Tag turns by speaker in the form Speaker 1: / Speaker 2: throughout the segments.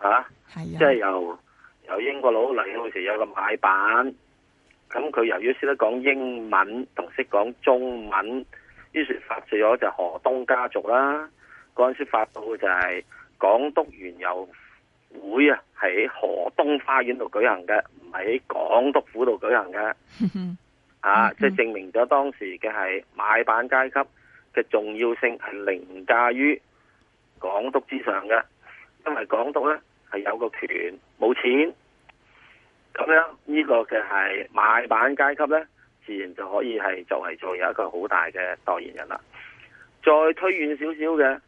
Speaker 1: 啊，即係由由英國佬嚟到時，有個買辦，咁佢由於識得講英文同識講中文，於是發住咗就何東家族啦。嗰陣時發佈嘅就係港督園遊會啊，喺何東花園度舉行嘅，唔係喺港督府度舉行嘅。 啊，即係證明咗當時嘅係買辦階級嘅重要性係凌駕於港督之上嘅，因為港督咧，係有個權，冇錢，咁樣呢、呢個嘅係買辦階級呢，自然就可以係就係做有一個好大嘅代言人啦。再推遠少少嘅，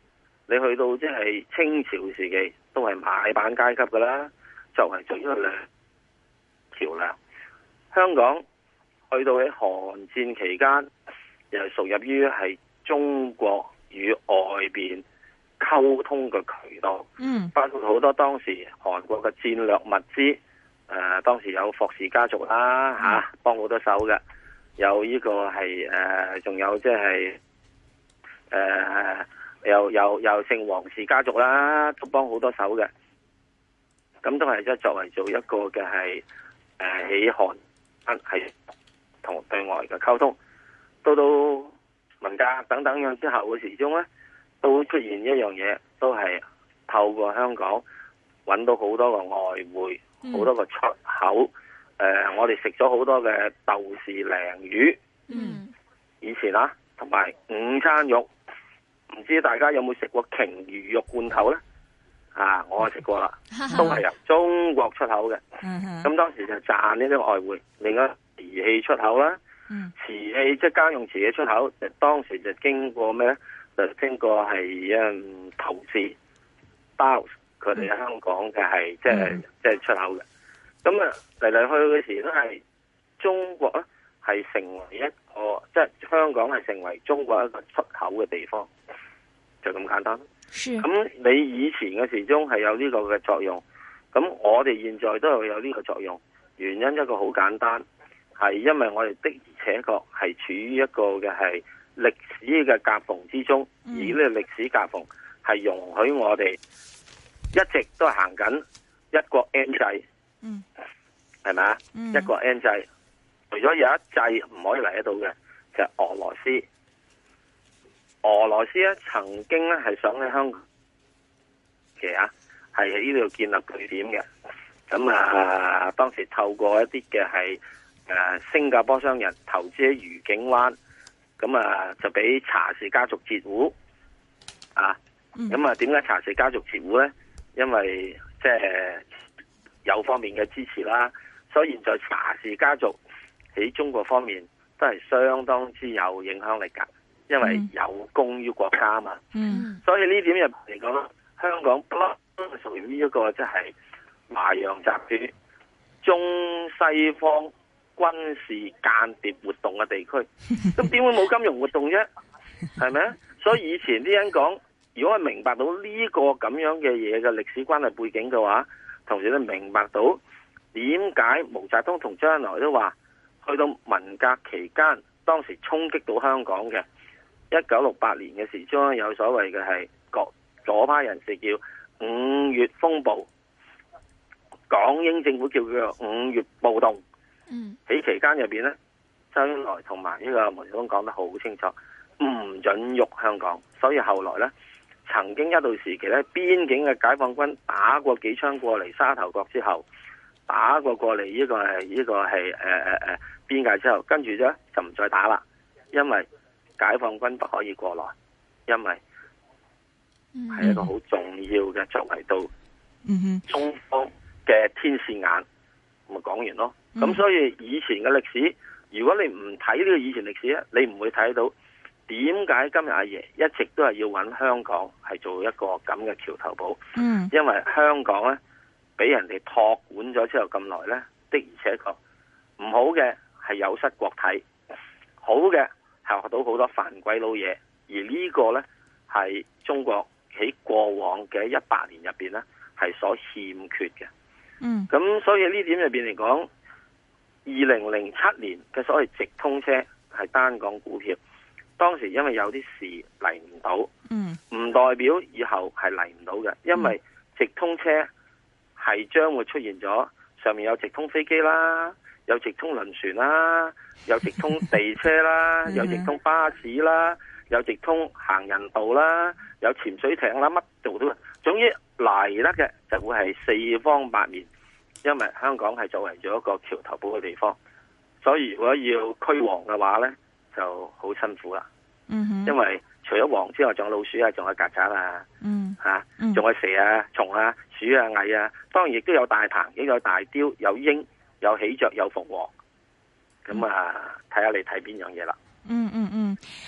Speaker 1: 你去到即係清朝時期，都係買辦階級噶啦，就係、是、做一兩橋樑。香港去到喺韓戰期間，又係屬入於係中國與外邊。溝通嘅渠道，包括好多當時韓國嘅戰略物資，誒、呃，當時有霍氏家族啦吓，幫、啊、好多手嘅，有呢個係誒，仲、呃、有即係誒，又又又姓黃氏家族啦，都幫好多手嘅，咁都係即係作為做一個嘅係誒，起韓係同對外嘅溝通，到到文革等等樣之後嘅時中咧。都出現一樣嘢，都係透過香港揾到好多個外匯，好、嗯、多個出口。呃、我哋食咗好多嘅豆豉鯪魚。嗯。以前啦同埋午餐肉，唔知大家有冇食過鯨魚肉罐頭呢？啊，我食過啦，嗯、都係由中國出口嘅。
Speaker 2: 咁、嗯嗯嗯、
Speaker 1: 當時就賺呢啲外匯，另外瓷器出口啦，瓷器即係家用瓷器出口，當時就經過咩？經過係一、嗯、投資包括佢哋喺香港嘅係即係即係出口嘅，咁啊嚟嚟去去嘅時都係中國咧，係成為一個即係、就是、香港係成為中國一個出口嘅地方就咁、是、簡單。咁是你以前嘅始終係有呢個嘅作用，咁我哋現在都係有呢個作用，原因一個好簡單，係因為我哋的而且確係處於一個嘅係。歷史嘅夾縫之中，而呢個歷史夾縫係容許我哋一直都行緊一國 N 制，係咪？一國 N 制，除咗有一制唔可以嚟得到嘅，就係、是、俄羅斯。俄羅斯咧曾經咧係想喺香港，其實係喺呢度建立據點嘅。咁啊，當時透過一啲嘅係誒新加坡商人投資喺愉景灣。咁啊，那就俾查氏家族截胡啊！咁啊，點解查氏家族截胡咧？因為即係有方面嘅支持啦，所以現在查氏家族喺中國方面都係相當之有影響力噶，因為有功於國家嘛。所以呢點入嚟講，香港不嬲都係屬於呢一個即係華洋集團中西方。軍事間諜活動嘅地區，咁點會冇金融活動啫？係咪啊？所以以前啲人講，如果係明白到呢個咁樣嘅嘢嘅歷史關係背景嘅話，同時都明白到點解毛澤東同周恩來都話，去到文革期間，當時衝擊到香港嘅一九六八年嘅時將有所謂嘅係左左派人士叫五月風暴，港英政府叫佢五月暴動。嗯，喺 期間入邊咧，周恩來同埋呢個毛澤東講得好清楚，唔准喐香港。所以後來咧，曾經一度時期咧，邊境嘅解放軍打過幾槍過嚟沙頭角之後，打過過嚟呢、呢個係呢、呢個係誒誒誒邊界之後，跟住咧就唔再打啦，因為解放軍不可以過來，因為係一個好重要嘅作為到，中方嘅天使眼，咪講完咯。咁所以以前嘅歷史，如果你唔睇呢個以前歷史咧，你唔會睇到點解今日阿爺一直都係要揾香港係做一個咁嘅橋頭堡。嗯。因為香港咧，俾人哋託管咗之後咁耐咧，的而且確唔好嘅係有失國體，好嘅係學到好多番鬼佬嘢。而呢個咧係中國喺過往嘅一百年入邊咧係所欠缺嘅。嗯。咁所以呢點入邊嚟講。二零零七年嘅所謂直通車係單港股票，當時因為有啲事嚟唔到，唔代表以後係嚟唔到嘅，因為直通車係將會出現咗，上面有直通飛機啦，有直通輪船啦，有直通地車啦，有直通巴士啦，有直通行人道啦，有潛水艇啦，乜做都，總之嚟得嘅就會係四方八面。因為香港係作為咗一個橋頭堡嘅地方，所以如果要驅蝗嘅話咧，就好辛苦啦。嗯哼、mm。
Speaker 2: Hmm. 因為
Speaker 1: 除咗蝗之外，仲有老鼠啊，仲有曱甴啊。嗯、mm。吓、hmm. 啊，仲有蛇啊、蟲啊、鼠啊、蟻啊，啊，啊。當然亦都有大鵬，亦有大雕，有鷹，有喜鵲，有鳳凰。咁、mm hmm. 啊，睇下你睇邊樣嘢啦。嗯嗯嗯。Hmm.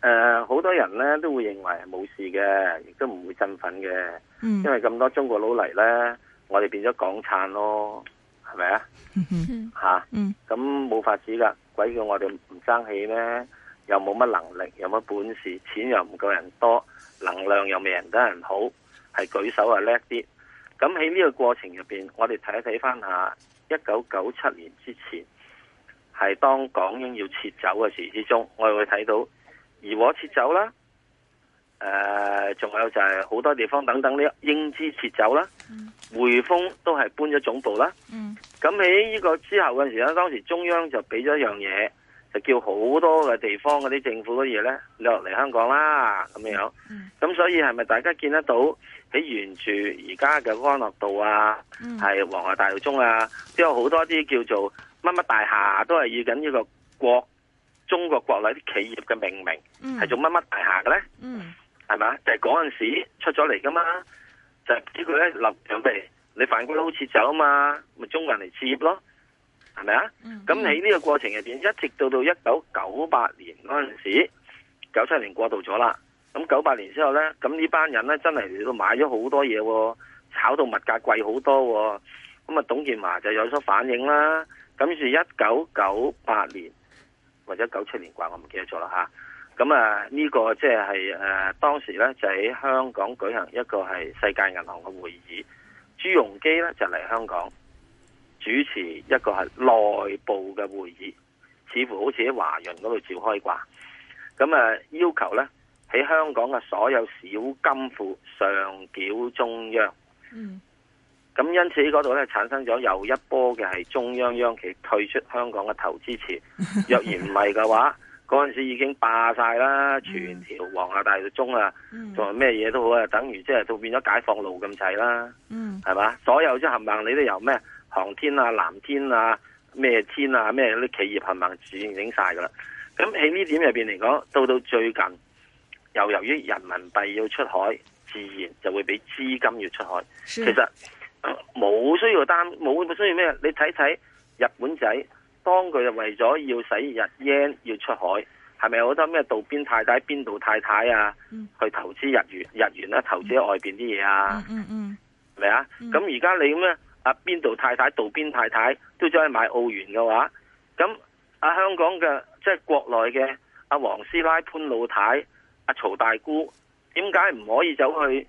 Speaker 1: 誒，好、呃、多人咧都會認為冇事嘅，亦都唔會振奮嘅，嗯、因為咁多中國佬嚟，呢，我哋變咗港燦咯，係咪？嗯、啊？吓，咁冇法子噶，鬼叫我哋唔爭氣呢，又冇乜能力，有乜本事，錢又唔夠人多，能量又未人得人好，係舉手啊叻啲。咁喺呢個過程入邊，我哋睇一睇翻下一九九七年之前，係當港英要撤走嘅時期之中，我哋會睇到。而我撤走啦、啊，誒、呃，仲有就係好多地方等等呢，英資撤走啦、啊，匯豐、嗯、都係搬咗總部啦、啊，咁喺呢個之後嘅時候咧，當時中央就俾咗一樣嘢，就叫好多嘅地方嗰啲政府嘅嘢咧落嚟香港啦，咁樣，咁、嗯、所以係咪大家見得到喺原住而家嘅安樂道啊，係、嗯、黃河大道中啊，都有好多啲叫做乜乜大廈，都係要緊呢個國。中國國內啲企業嘅命名係做乜乜大廈嘅咧？係、嗯嗯就是、嘛？就係嗰陣時出咗嚟噶嘛？就呢佢咧立準備，你反骨佬好似走啊嘛，咪中國人嚟置業咯，係咪啊？咁喺呢個過程入邊，一直到到一九九八年嗰陣時候，九七年過渡咗啦。咁九八年之後咧，咁呢班人咧真係都買咗好多嘢、哦，炒到物價貴好多、哦。咁啊，董建華就有所反應啦。咁於是，一九九八年。或者九七年啩，我唔記得咗啦吓，咁啊、就是，呢個即係誒當時咧就喺香港舉行一個係世界銀行嘅會議，朱鎔基咧就嚟香港主持一個係內部嘅會議，似乎好似喺華潤嗰度召開啩。咁啊，要求咧喺香港嘅所有小金庫上繳中央。嗯咁因此嗰度咧，產生咗又一波嘅係中央央企退出香港嘅投資潮。 若然唔係嘅話，嗰陣時已經霸晒啦，全條皇后大道中啊，仲有咩嘢都好啊，等於即係到變咗解放路咁滯啦，係嘛、嗯？所有即係冚唪唥你都由咩航天啊、藍天啊、咩天啊、咩啲企業冚唪唥轉影晒㗎啦。咁喺呢點入邊嚟講，到到最近又由於人民幣要出海，自然就會俾資金要出海。的其實冇需要擔，冇需要咩？你睇睇日本仔，當佢為咗要使日 yen 要出海，係咪好多咩道邊太太、邊度太太啊？去投資日元、日元啦、啊，投資喺外邊啲嘢啊，嗯嗯，係、嗯、咪、嗯、啊？咁而家你咩？啊邊道太太、道邊太太都走去買澳元嘅話，咁阿香港嘅即係國內嘅阿黃師奶、啊、思拉潘老太、阿、啊、曹大姑，點解唔可以走去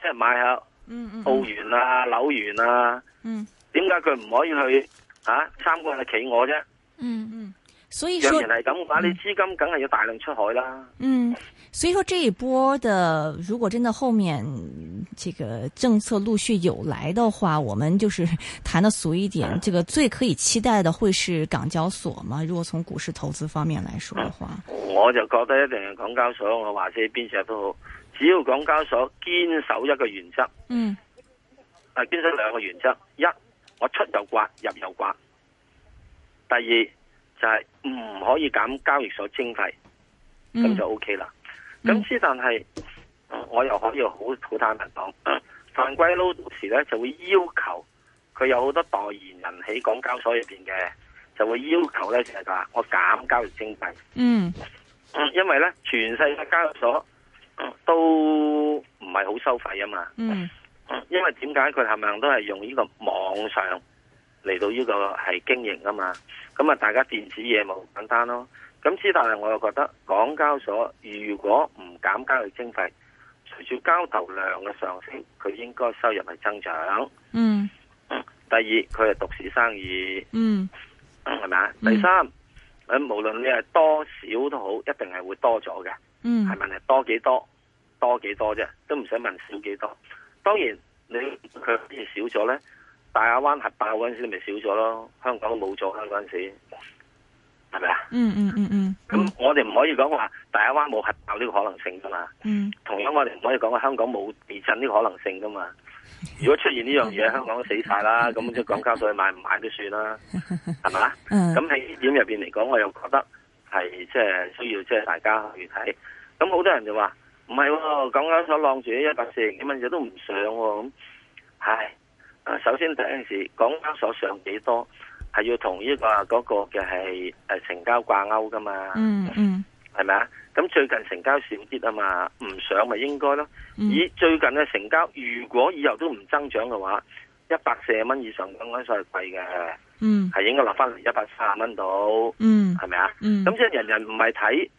Speaker 1: 即係、就是、買下、啊？澳元啊，紐元啊，嗯，點解佢唔可以去啊參觀人企我啫。嗯嗯，所以，既然係咁，話你資金梗係要大量出海啦。嗯，
Speaker 3: 所以說，這一波的，如果真的後面這個政策陸續有來的話，我們就是談得俗一點，嗯、這個最可以期待的會是港交所嘛？如果從股市投資方面來說的話，
Speaker 1: 嗯、我就覺得一定係港交所，我話者邊隻都好。只要港交所堅守一個原則，嗯，係堅守兩個原則：一，我出又刮，入又刮；第二就係、是、唔可以減交易所徵費，咁、嗯、就 O K 啦。咁之、嗯、但係我又可以好好坦白講、嗯、犯規撈時咧，就會要求佢有好多代言人喺港交所入邊嘅，就會要求咧就係、是、話我減交易徵費。嗯，因為咧全世界的交易所，都唔係好收費啊嘛，
Speaker 2: 嗯、
Speaker 1: 因為點解佢係咪都係用呢個網上嚟到呢個係經營啊嘛？咁啊，大家電子業務好簡單咯。咁之但係我又覺得港交所如果唔減交易徵費，隨住交投量嘅上升，佢應該收入係增長。嗯，第二佢係獨市生意，嗯，係咪啊？第三，嗯、無論你係多少都好，一定係會多咗嘅。嗯，係問題多幾多，多幾多啫，都唔使問少幾多。當然你佢出現少咗咧，大亞灣核爆嗰陣時你咪少咗咯，香港都冇咗香港陣時，係咪啊？
Speaker 2: 嗯嗯嗯
Speaker 1: 嗯。咁我哋唔可以講話大亞灣冇核爆呢個可能性噶嘛？
Speaker 2: 嗯。
Speaker 1: 同樣我哋唔可以講話香港冇地震呢個可能性噶嘛？如果出現呢樣嘢，香港都死晒啦，咁即係講交稅買唔買都算啦，係咪啊？嗯。咁喺呢點入邊嚟講，我又覺得。係即係需要，即係大家去睇。咁好多人就話唔係，港交所晾住喺一百四，點解成日都唔上？咁唉，啊，首先第一件事，港交所上幾多係要同呢個嗰個嘅係誒成交掛鈎噶嘛？嗯
Speaker 2: 嗯，
Speaker 1: 係咪啊？咁最近成交少啲啊嘛，唔上咪應該咯。以、嗯、最近嘅成交，如果以後都唔增長嘅話。一百四十蚊以上是，港交所係貴嘅，嗯係應該落翻嚟一百三十蚊到，係咪啊？咁即係人人唔係睇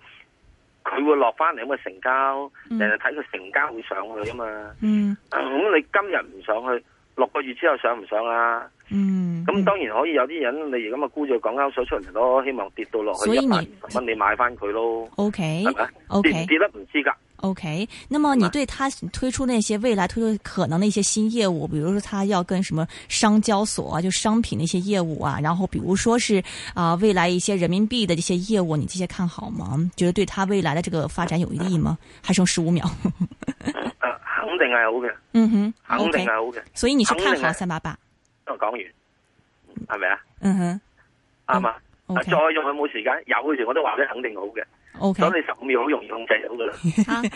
Speaker 1: 佢會落翻嚟咁嘅成交，嗯、人人睇佢成交會上去啊嘛。
Speaker 2: 咁、嗯、
Speaker 1: 你今日唔上去，六個月之後上唔上啊？
Speaker 2: 咁、
Speaker 1: 嗯、當然可以有啲人，你而家咪估住港交所出嚟咯，希望跌到落去一百二十蚊，你買翻佢咯。
Speaker 3: O K，係咪？
Speaker 1: 跌唔跌得唔知㗎。
Speaker 3: OK，那麼你對他推出那些未來推出可能的一些新業務，比如說他要跟什麼商交所啊，就商品那些業務啊，然後比如說是啊、呃、未來一些人民幣的這些業務，你這些看好嗎？覺得對他未來的這個發展有利嗎？還剩十五秒。呃、
Speaker 1: 啊，肯定係好嘅，嗯哼，肯定係好嘅，okay, 好所以你是看好三八八。我講完，係咪啊？
Speaker 3: 嗯哼，
Speaker 1: 啱嘛嗎。啊 okay、再用佢冇時間？有嘅時我都話咗肯定好嘅。咁 Okay. 你十五秒好容易控制到。